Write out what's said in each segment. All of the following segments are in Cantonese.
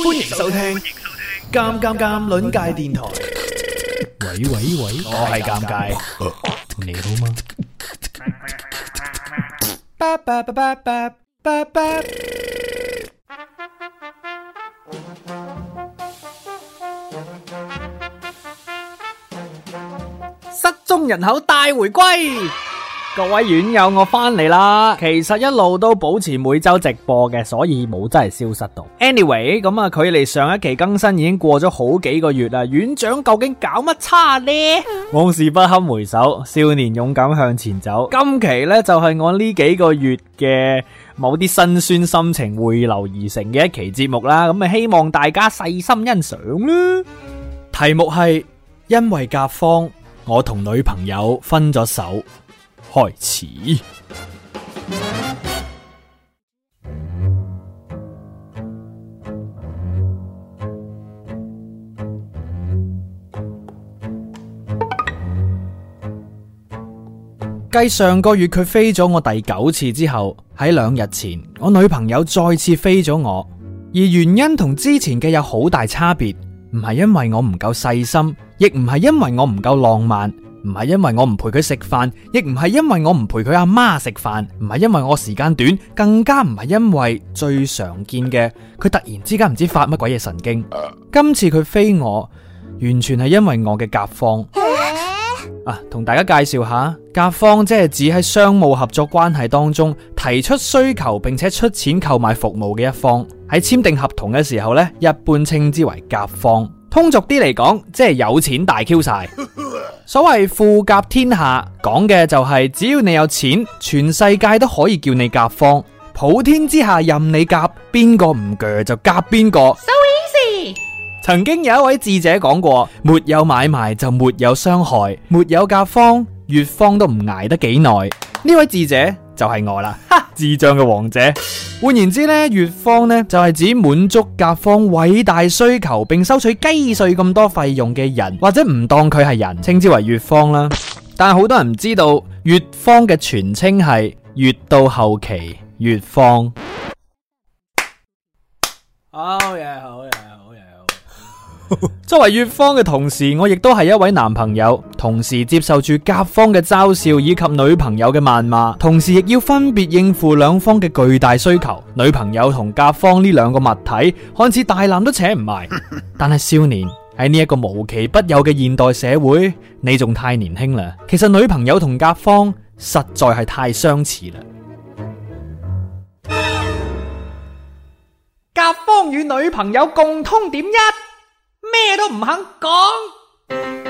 歡迎收聽《尷尷尷》鄰界電台。喂喂喂，我係尷尬，你好嗎？失蹤人口大回歸。各位院友，我翻嚟啦。其實一路都保持每周直播嘅，所以冇真係消失到。Anyway，咁啊，距離上一期更新已經過咗好幾個月啦。院長究竟搞乜叉呢？往事不堪回首，少年勇敢向前走。今期呢就係我呢幾個月嘅某啲辛酸心情匯流而成嘅一期節目啦。咁啊，希望大家細心欣賞啦。題目係因為甲方，我同女朋友分咗手。開始。繼上個月佢飛咗我第九次之後，喺兩日前，我女朋友再次飛咗我，而原因同之前嘅有好大差別，唔係因為我唔夠細心，亦唔係因為我唔夠浪漫。唔係因為我唔陪佢食飯，亦唔係因為我唔陪佢阿媽食飯，唔係因為我時間短，更加唔係因為最常見嘅佢突然之間唔知發乜鬼嘢神經。啊、今次佢飛我，完全係因為我嘅甲方啊，同、啊、大家介紹下，甲方即係指喺商務合作關係當中提出需求並且出錢購買服務嘅一方。喺簽訂合同嘅時候呢，一般稱之為甲方。通俗啲嚟講，即係有錢大 Q 晒。所謂富甲天下，講嘅就係只要你有錢，全世界都可以叫你甲方。普天之下，任你甲邊個唔鋸就夾邊個。So easy。曾經有一位智者講過：沒有買賣就沒有傷害，沒有甲方，乙方都唔挨得幾耐。呢位智者。就係我啦，智障嘅王者。換言之呢，乙方呢就係指滿足甲方偉大需求並收取雞稅咁多費用嘅人，或者唔當佢係人，稱之為乙方啦。但係好多人唔知道，乙方嘅全稱係越到後期越方。好嘢，好嘢。 作為乙方嘅同時，我亦都係一位男朋友，同時接受住甲方嘅嘲笑以及女朋友嘅謾罵，同時亦要分別應付兩方嘅巨大需求。女朋友同甲方呢兩個物體，看似大纜都扯唔埋。 但係少年，喺呢一個無奇不有嘅現代社會，你仲太年輕啦。其實女朋友同甲方實在係太相似啦。甲方與女朋友共通點一？咩都唔肯講。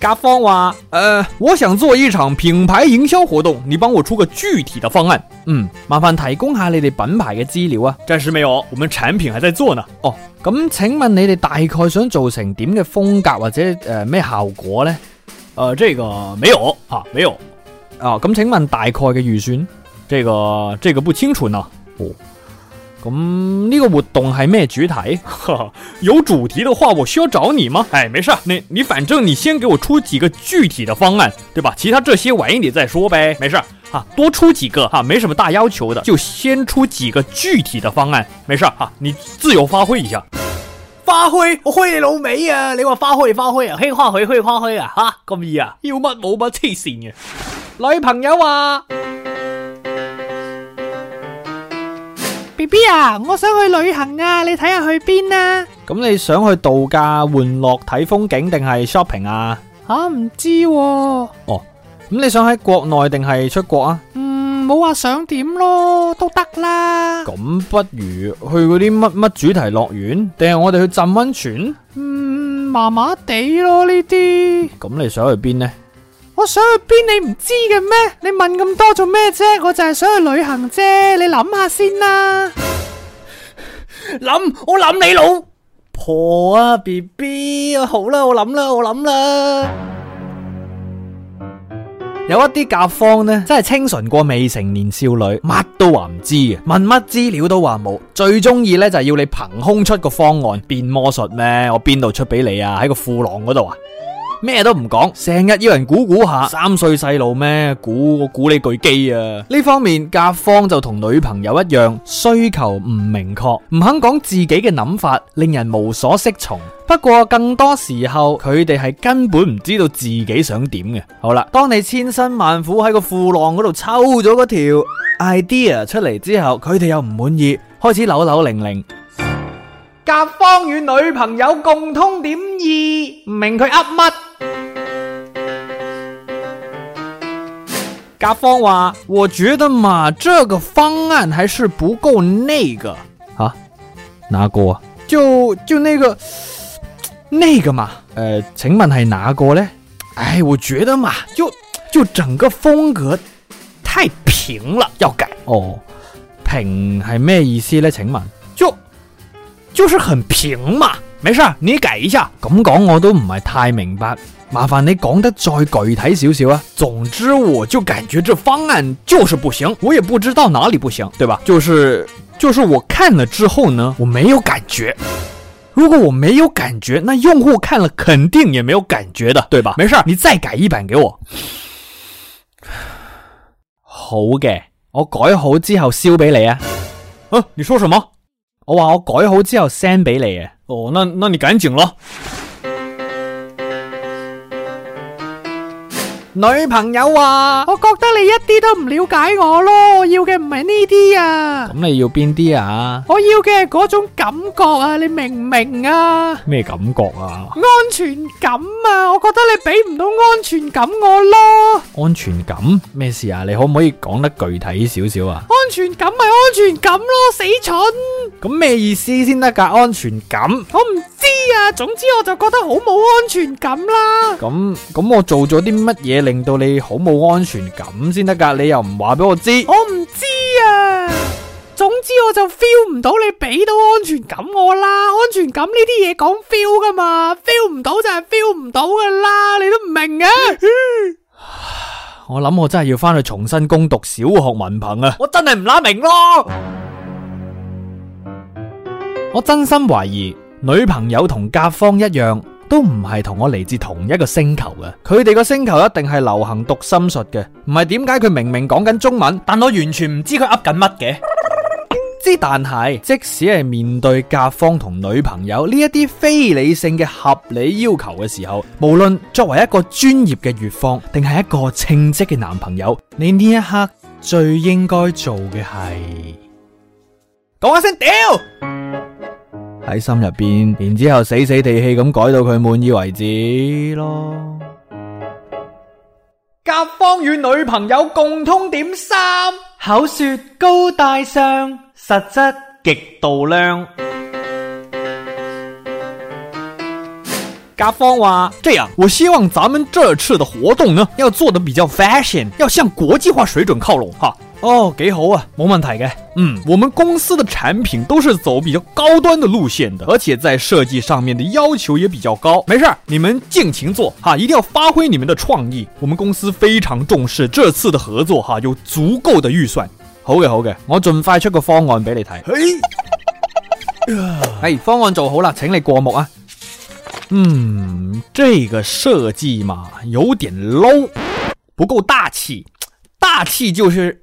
甲方話，誒、呃，我想做一場品牌營銷活動，你幫我出個具體的方案。嗯，麻煩提供下你哋品牌嘅資料啊。暫時沒有，我們產品還在做呢。哦，咁、嗯、請問你哋大概想做成點嘅風格或者誒咩、呃、效果呢？誒、呃，這個沒有，啊，沒有。啊，咁、哦嗯、請問大概嘅預算？這個，這個不清楚呢、啊。哦。咁、嗯、呢、這個活動係咩主題？ 有主題的話，我需要找你嗎？哎，沒事兒，你你反正你先給我出幾個具體的方案，對吧？其他這些晚一點再說唄。沒事兒、啊，多出幾個哈、啊，沒什麼大要求的，就先出幾個具體的方案，沒事兒哈、啊，你自由發揮一下。發揮，我揮你老尾啊！你話發揮發揮啊，揮花揮揮發揮啊！哈，咁易啊，要乜冇乜黐線啊！ 女朋友啊！B B 啊，我想去旅行啊，你睇下去邊啊？咁你想去度假、玩樂、睇風景，定係 shopping 啊？吓、啊？唔知、喎。哦，咁你想喺國內定係出國啊？嗯，冇話想點咯，都得啦。咁不如去嗰啲乜乜主題樂園，定係我哋去浸溫泉？嗯，麻麻地咯呢啲。咁你想去邊呢？我想去邊你唔知嘅咩？你問咁多做咩啫？我就係想去旅行啫，你諗下先啦。諗，我諗你老婆啊，BB 啊，好啦，我諗啦，我諗啦。有一啲甲方呢，真係清純過未成年少女，乜都話唔知啊，問乜資料都話冇，最中意呢，就係要你憑空出個方案變魔術咩？我邊度出俾你啊？喺個褲囊嗰度啊？咩都唔講，成日要人估估下。三歲細路咩？估我估你巨基啊！呢方面，甲方就同女朋友一樣，需求唔明確，唔肯講自己嘅諗法，令人無所適從。不過更多時候，佢哋係根本唔知道自己想點嘅。好啦，當你千辛萬苦喺個褲浪嗰度抽咗嗰條 idea 出嚟之後，佢哋又唔滿意，開始扭扭擰擰。甲方與女朋友共通點一？唔明佢噏乜？甲方話：我覺得嘛，這個方案還是不夠那個啊。哪個？就就那個那個嘛。呃，請問係哪個呢？哎，我覺得嘛，就就整個風格太平了，要改。哦，平係咩意思呢？請問，就就是很平嘛？沒事，你改一下。咁講我都唔係太明白。麻煩你講得再具體少少啊！總之我就感覺這方案就是不行，我也不知道哪裡不行，對吧？就是就是我看了之後呢，我沒有感覺。如果我沒有感覺，那用戶看了肯定也沒有感覺的，對吧？沒事，你再改一版給我。好嘅，我改好之後燒俾你啊。嗯、啊，你說什麼？我話我改好之後 send 俾你啊。哦，那那你趕緊咯。女朋友話：我覺得你一啲都唔了解我咯，我要嘅唔係呢啲啊。咁你要邊啲啊？我要嘅嗰種感覺啊，你明唔明啊？咩感覺啊？安全感啊，我覺得你俾唔到安全感我咯。安全感咩事啊？你可唔可以講得具體少少啊？安全感咪安全感咯，死蠢！咁咩意思先得㗎？安全感。啊，總之我就覺得好冇安全感啦。咁咁，我做咗啲乜嘢令到你好冇安全感先得噶？你又唔話俾我知？我唔知啊。總之我就 feel 唔到你俾到安全感我啦。安全感呢啲嘢講 feel 噶嘛？feel 唔到就係 feel 唔到噶啦。你都唔明嘅？ 我諗我真係要翻去重新攻讀小學文憑啊！我真係唔拉明咯。我真心懷疑。女朋友同甲方一樣，都唔係同我嚟自同一個星球嘅。佢哋個星球一定係流行讀心術嘅，唔係，點解佢明明講緊中文，但我完全唔知佢噏緊乜嘅？之但係，即使係面對甲方同女朋友呢一啲非理性嘅合理要求嘅時候，無論作為一個專業嘅乙方，定係一個稱職嘅男朋友，你呢一刻最應該做嘅係講一聲屌，喺心入邊，然之後死死地氣咁改到佢滿意為止咯。甲方與女朋友共通點三：口說高大上，實質極度靚。甲方話：這樣，我希望咱們這次的活動呢，要做得比較 fashion，要向國際化水準靠攏，哈。哦，幾好啊，冇問題嘅。嗯，我們公司的產品都是走比較高端的路線的，而且在設計上面的要求也比較高。沒事兒，你們盡情做哈，一定要發揮你們的創意。我們公司非常重視這次的合作哈，有足夠的預算。好嘅、啊，好嘅、啊，我盡快出個方案俾你睇。嘿、哎，嘿、哎，方案做好了，請你過目啊。嗯，這個設計嘛，有點 low，不夠大氣。大氣就是。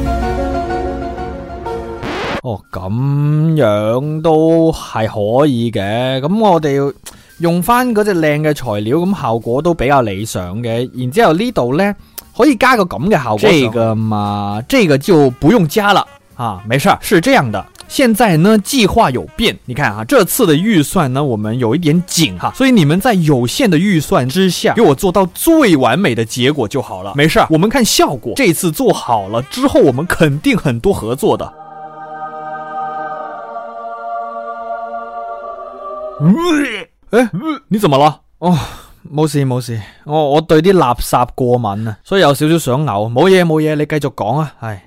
哦，咁樣都係可以嘅。咁我哋用翻嗰隻靚嘅材料，咁效果都比較理想嘅。然之後呢度呢，可以加個咁嘅效果。這個嘛，這個就不用加了啊，沒事兒。是這樣的，現在呢，計劃有變。你看啊，這次的預算呢，我們有一點緊哈，所以你們在有限的預算之下，給我做到最完美的結果就好了。沒事兒，我們看效果。這次做好了之後，我們肯定很多合作的。誒、欸，你做乜啦？哦，冇事冇事，我我對啲垃圾過敏啊，所以有少少想嘔，冇嘢冇嘢，你繼續講啊，係，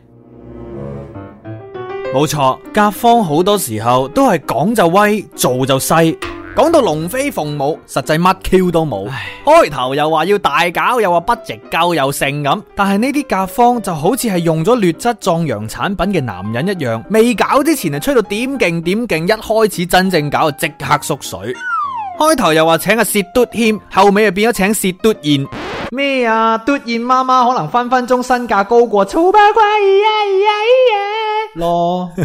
冇錯，甲方好多時候都係講就威，做就細。講到龍飛鳳舞，實際乜 Q 都冇。開頭又話要大搞，又話不惜救，又盛咁。但係呢啲甲方就好似係用咗劣質壯陽產品嘅男人一樣，未搞之前啊吹到點勁點勁，一開始真正搞到即刻縮水。開頭又話請阿薛篤謙，後尾又變咗請薛篤彥。咩啊？篤彥媽媽可能分分鐘身價高過超巴貴啊耶耶！咯。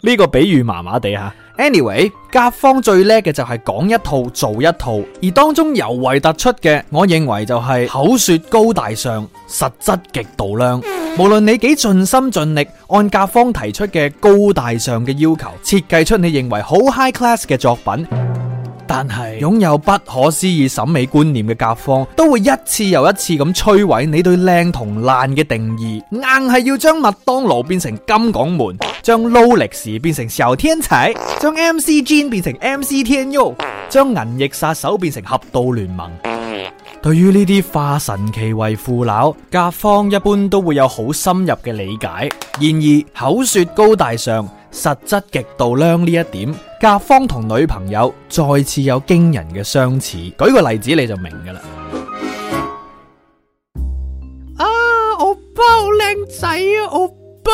呢 個比喻麻麻地吓，anyway，甲方最叻嘅就係講一套做一套，而當中尤為突出嘅，我認為就係、是、 口說高大上，實質極度量。 無論你幾盡心盡力，按甲方提出嘅高大上嘅要求，設計出你認為好 high class 嘅作品。但係擁有不可思議審美觀念嘅甲方，都會一次又一次咁摧毀你對靚同爛嘅定義，硬係要將麥當勞變成金港門，將勞力士變成小天才，將 MC Jin 變成 MC 天佑，將銀翼殺手變成俠盜聯盟。 對於呢啲化神奇為腐朽，甲方一般都會有好深入嘅理解。然而口說高大上。.實質極度靚呢一點，甲方同女朋友再次有驚人嘅相似。舉個例子你就明噶啦。啊，歐巴好靚仔啊，歐巴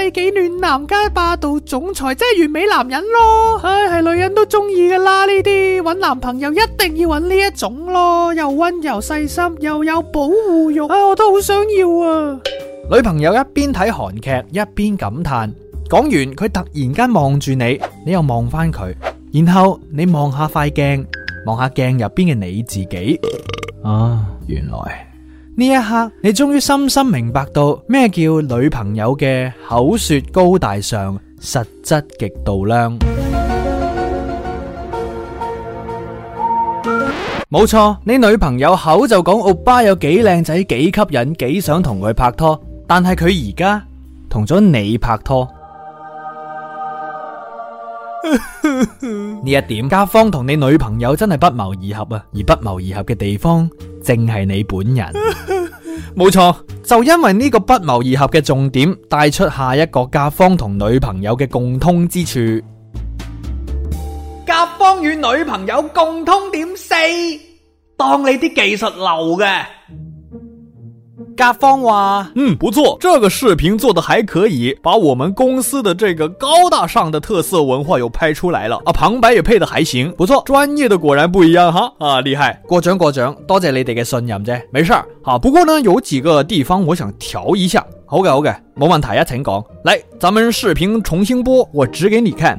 世紀暖男加霸道總裁，即係完美男人咯。唉、哎，係女人都中意噶啦，呢啲搵男朋友一定要搵呢一種咯，又溫柔細心，又有保護慾啊，我都好想要啊。女朋友一邊睇韓劇一邊感嘆。講完，佢突然間望住你，你又望翻佢，然後你望下塊鏡，望下鏡入邊嘅你自己啊。原來呢一刻，你終於深深明白到咩叫女朋友嘅口說高大上，實質極度靚。冇錯，你女朋友口就講歐巴有幾靚仔，幾吸引，幾想同佢拍拖，但係佢而家同咗你拍拖。呢一點，甲方同你女朋友真係不謀而合啊！而不謀而合嘅地方，正係你本人。冇錯，就因為呢個不謀而合嘅重點，帶出下一個甲方同女朋友嘅共通之處。甲方與女朋友共通點四，當你啲技術流嘅。甲方話，嗯，不錯，這個視頻做的還可以，把我們公司的這個高大上的特色文化又拍出來了啊，旁白也配的還行，不錯，專業的果然不一樣哈啊，厲害，過獎過獎，多謝你哋嘅信任啫，沒事兒，啊，不過呢，有幾個地方我想調一下，好嘅好嘅，冇問題呀，請講，來，咱們視頻重新播，我指給你看。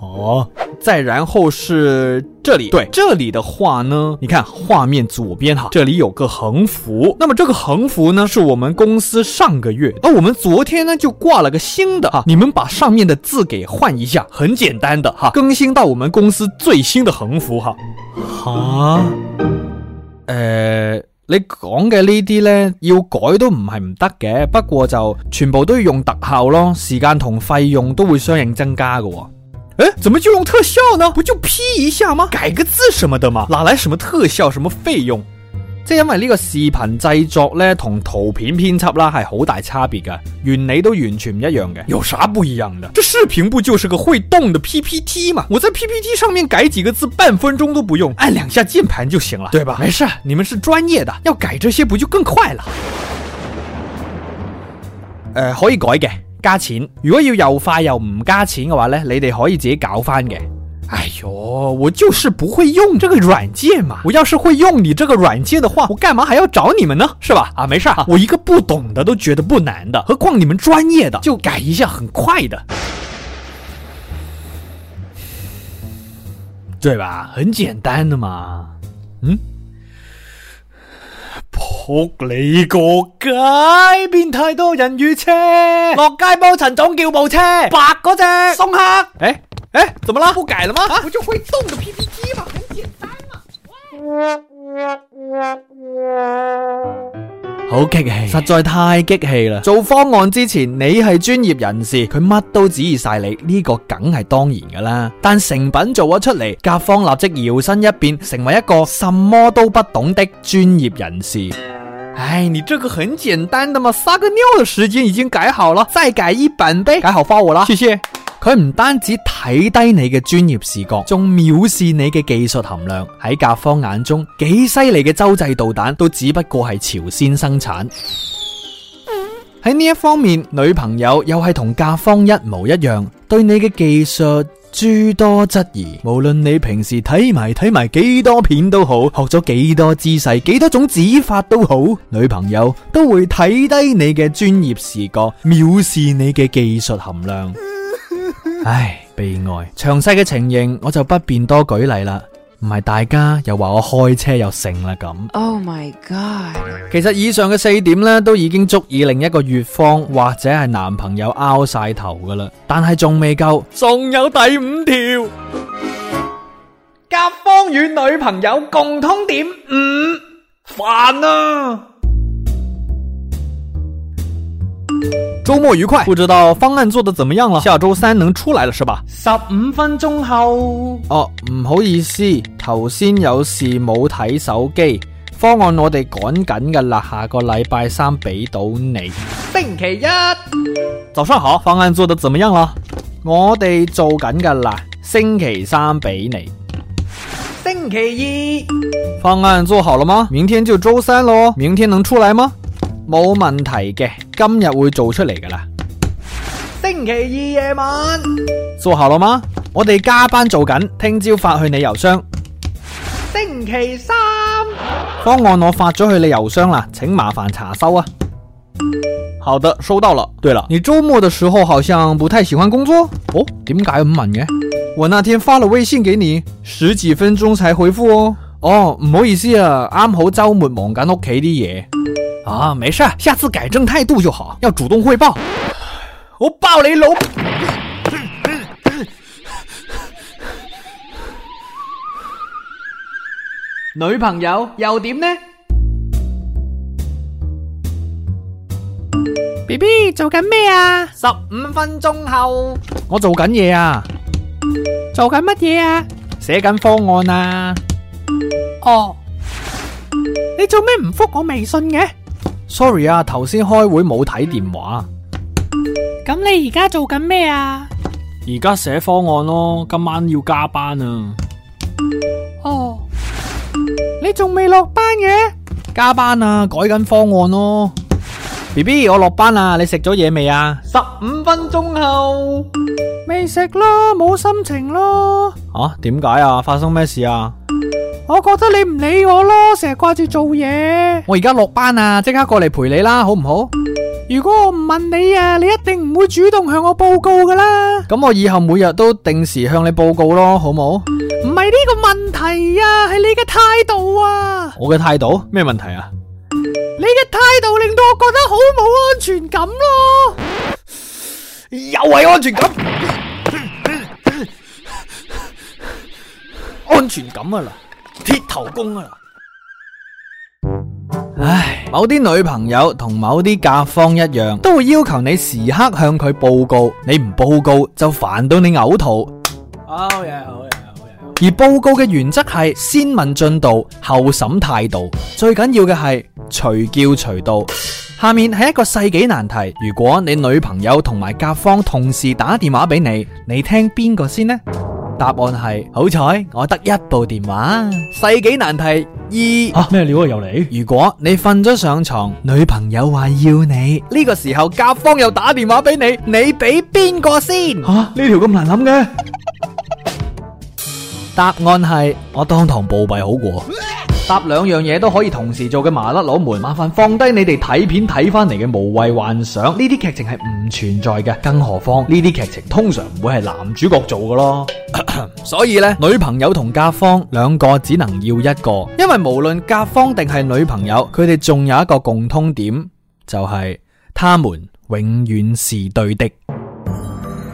哦，再然後是這裏。對這裏的話呢，你看畫面左邊哈，這裏有個橫幅。那麼這個橫幅呢，是我們公司上個月，而我們昨天呢就掛了個新的哈。你們把上面的字給換一下，很簡單的哈，更新到我們公司最新的橫幅哈。啊、呃？你講嘅呢啲呢，要改都唔係唔得嘅，不過就全部都要用特效咯，時間同費用都會相應增加㗎。哎，怎麼就用特效呢？不就 P 一下嗎？改個字什麼的嗎？哪來什麼特效什麼費用？這因為呢個視頻製作呢，同圖片編輯啦係好大差別嘅，原理都完全唔一樣嘅。有啥不一樣的？這視頻不就是個會動的 PPT 嘛？我在 PPT 上面改幾個字，半分鐘都不用，按兩下鍵盤就行了，對吧？沒事，你們是專業的，要改這些不就更快了？呃，可以改嘅。加錢，如果要又快又唔加錢嘅話呢，你哋可以自己搞翻嘅。哎呦，我就是不會用這個軟件嘛。我要是會用你這個軟件的話，我幹嘛還要找你們呢？是吧？啊，沒事啊，我一個不懂的都覺得不難的，何況你們專業的，就改一下，很快的，對吧？很簡單的嘛，嗯。扑你個街，變太多人與車，落街幫陳總叫部車，白嗰隻送客。誒、欸、誒、欸，怎麼啦？不改了嗎？啊，不就會動的 PPT 嘛，很簡單嘛。喂嗯好激氣，實在太激氣啦！做方案之前，你係專業人士，佢乜都指意晒你，呢、這個梗係當然噶啦。但成品做咗出嚟，甲方立即搖身一變，成為一個什麼都不懂的專業人士。唉、哎，你這個很簡單的嘛，撒個尿的時間已經改好了，再改一版，唄改好發我啦，謝謝。佢唔單止睇低你嘅專業視覺，仲藐視你嘅技術含量。喺甲方眼中，幾犀利嘅洲際導彈都只不過係朝鮮生產。喺、嗯、呢一方面，女朋友又係同甲方一模一樣，對你嘅技術諸多質疑。無論你平時睇埋睇埋幾多片都好，學咗幾多姿勢、幾多種指法都好，女朋友都會睇低你嘅專業視覺，藐視你嘅技術含量。嗯唉，悲哀。詳細嘅情形，我就不便多舉例啦，唔係大家又話我開車又成啦咁。Oh my god！其實以上嘅四點呢，都已經足以令一個乙方或者係男朋友拗晒頭噶啦，但係仲未夠，仲有第五條。甲方與女朋友共通點五，煩啊！周末愉快，不知道方案做得怎麼樣了？下周三能出來了是吧？十五分鐘後。哦、啊，唔好意思，頭先有事冇睇手機。方案我哋趕緊噶啦，下個禮拜三俾到你。星期一。早上好，方案做得怎麼樣啦？我哋做緊噶啦，星期三俾你。星期二。方案做好了嗎？明天就周三咯。明天能出來嗎？冇問題嘅，今日會做出嚟噶啦。星期二夜晚，做好了嗎？我哋加班做緊，聽朝發去你郵箱。星期三，方案我發咗去你郵箱啦，請麻煩查收啊。好的，收到了。對了，你周末的時候好像不太喜歡工作哦？點解咁問嘅？我那天發了微信給你，十幾分鐘才回復哦。哦，唔好意思啊，啱好周末忙緊屋企啲嘢。啊，沒事，下次改正態度就好，要主動匯報。我爆你老女朋友又點呢？BB 做緊咩啊？十五分鐘後我做緊嘢啊，做緊乜嘢啊？寫緊方案啊。哦，你做咩唔覆我微信嘅？Sorry 啊，頭先開會冇睇電話。咁你而家做緊咩啊？而家寫方案咯，今晚要加班啊。哦，你仲未落班嘅？加班啊，改緊方案咯。BB，我落班啦，你食咗嘢未啊？十五分鐘後，未食咯，冇心情咯。啊，點解啊？發生咩事啊？我覺得你唔理我咯，成日掛住做嘢。我而家落班啊，即刻過嚟陪你啦，好唔好？如果我唔問你啊，你一定唔會主動向我報告㗎啦。咁我以後每日都定時向你報告咯，好唔好？唔係呢個問題啊，係你嘅態度啊。我嘅態度咩問題啊？你嘅態度令到我覺得好冇安全感咯。又係安全感？ 安全感啊啦！鐵頭功啊！唉，某啲女朋友同某啲甲方一樣，都會要求你時刻向佢報告，你唔報告就煩到你嘔吐。好嘢，好嘢，好嘢。而報告嘅原則係先問進度，後審態度，最緊要嘅係隨叫隨到。下面係一個世紀難題，如果你女朋友同埋甲方同時打電話俾你，你聽邊個先呢？答案係好彩，我得一部電話。世紀難題二，咩料啊，又嚟？如果你瞓咗上床，女朋友話要你呢個時候，甲方又打電話俾你，你俾邊個先？吓、啊，呢條咁難諗嘅。 答案係我當堂暴斃好過，答兩樣嘢都可以同時做嘅麻甩佬們，麻煩放低你哋睇片睇翻嚟嘅無謂幻想，呢啲劇情係唔存在嘅，更何況呢啲劇情通常唔會係男主角做嘅咯，咳咳。所以呢，女朋友同甲方兩個只能要一個，因為無論甲方定係女朋友，佢哋仲有一個共通點，就係、是、他們永遠是對的。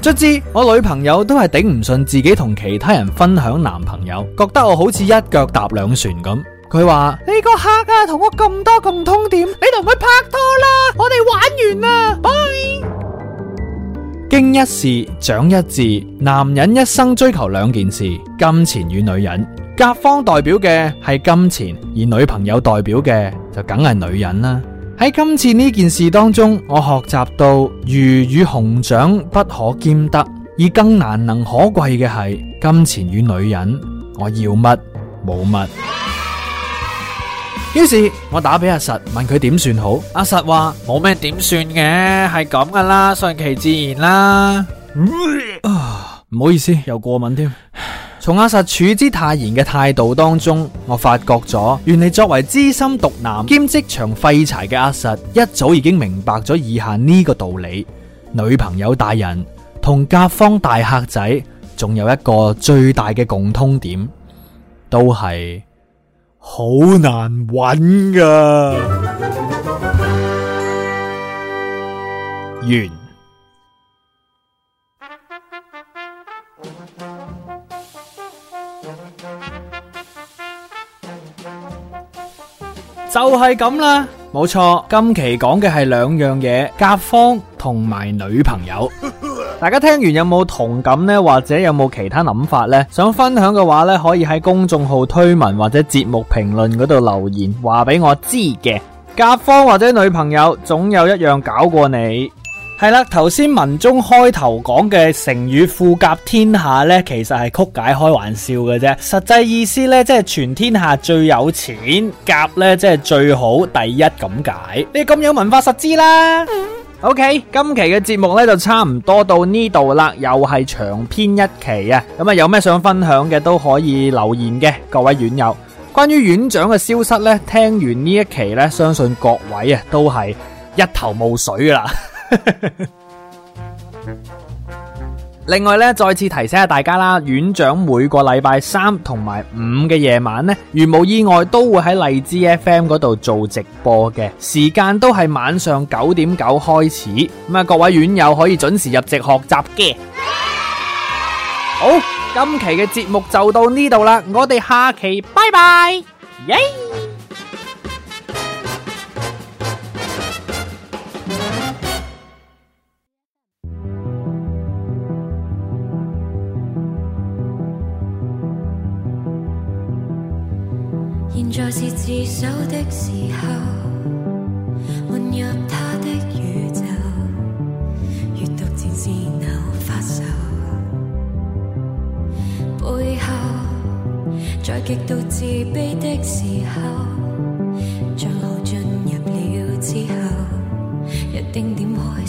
卒之，我女朋友都係頂唔順自己同其他人分享男朋友，覺得我好似一腳踏兩船咁。佢話：你個客啊，同我咁多共通點，你同佢拍拖啦，我哋玩完啦，拜。經一事長一智，男人一生追求兩件事：金錢與女人。甲方代表嘅係金錢，而女朋友代表嘅就梗係女人啦。喺今次呢件事當中，我學習到魚與熊掌不可兼得。而更難能可貴嘅係金錢與女人。我要乜冇乜。於是我打俾阿實，問佢點算好。阿實話冇咩點算嘅，係咁噶啦，順其自然啦。啊，唔好意思，又過敏添。從阿實處之泰然嘅態度當中，我發覺咗，原來作為資深毒男兼職場廢柴嘅阿實，一早已經明白咗以下呢個道理：女朋友大人同甲方大客仔，仲有一個最大嘅共通點，都係好難揾㗎。完。就係咁啦，冇錯。今期講嘅係兩樣嘢，甲方同埋女朋友。 大家聽完有冇同感呢？或者有冇其他諗法呢？想分享嘅話呢，可以喺公眾號推文或者節目評論嗰度留言，話俾我知嘅。甲方或者女朋友總有一樣搞過你。係啦，頭先文中開頭講嘅成語富甲天下呢，其實係曲解開玩笑嘅啫。實際意思呢，即係全天下最有錢，甲呢，即係最好第一咁解。你咁有文化，實知啦。OK，今期嘅節目呢就差唔多到呢度啦，又係長篇一期啊。咁啊，有咩想分享嘅都可以留言嘅，各位院友。關於院長嘅消失呢，聽完呢一期呢，相信各位啊都係一頭霧水啦。 另外咧，再次提醒下大家啦，院長每個禮拜三同埋五嘅夜晚呢，如無意外都會喺荔枝 FM 嗰度做直播嘅，時間都係晚上九點九開始，咁啊各位院友可以準時入席學習嘅。Yeah! 好，今期嘅節目就到呢度啦，我哋下期拜拜，耶、yeah!！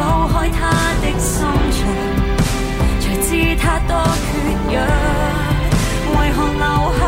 剖開他的心腸，才知他多缺氧。為何留下？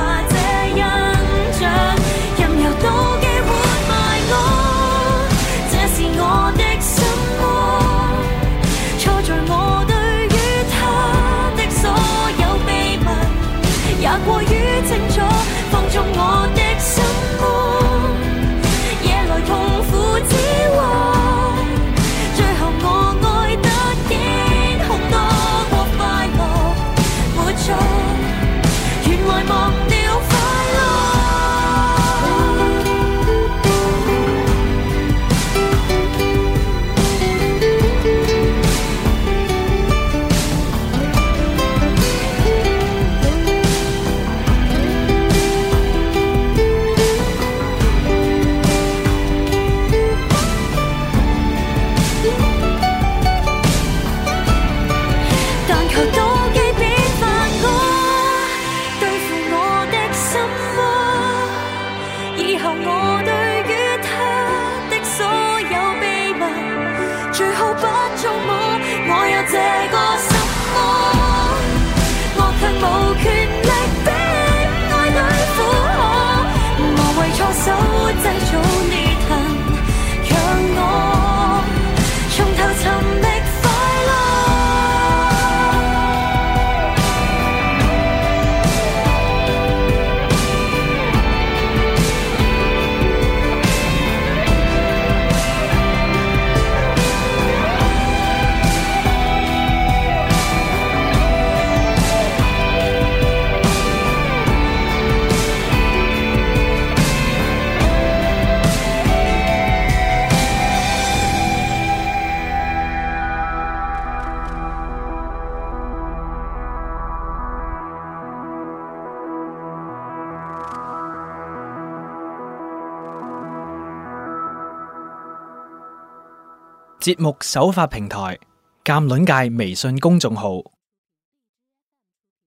節目首發平台：鑒論界微信公眾號。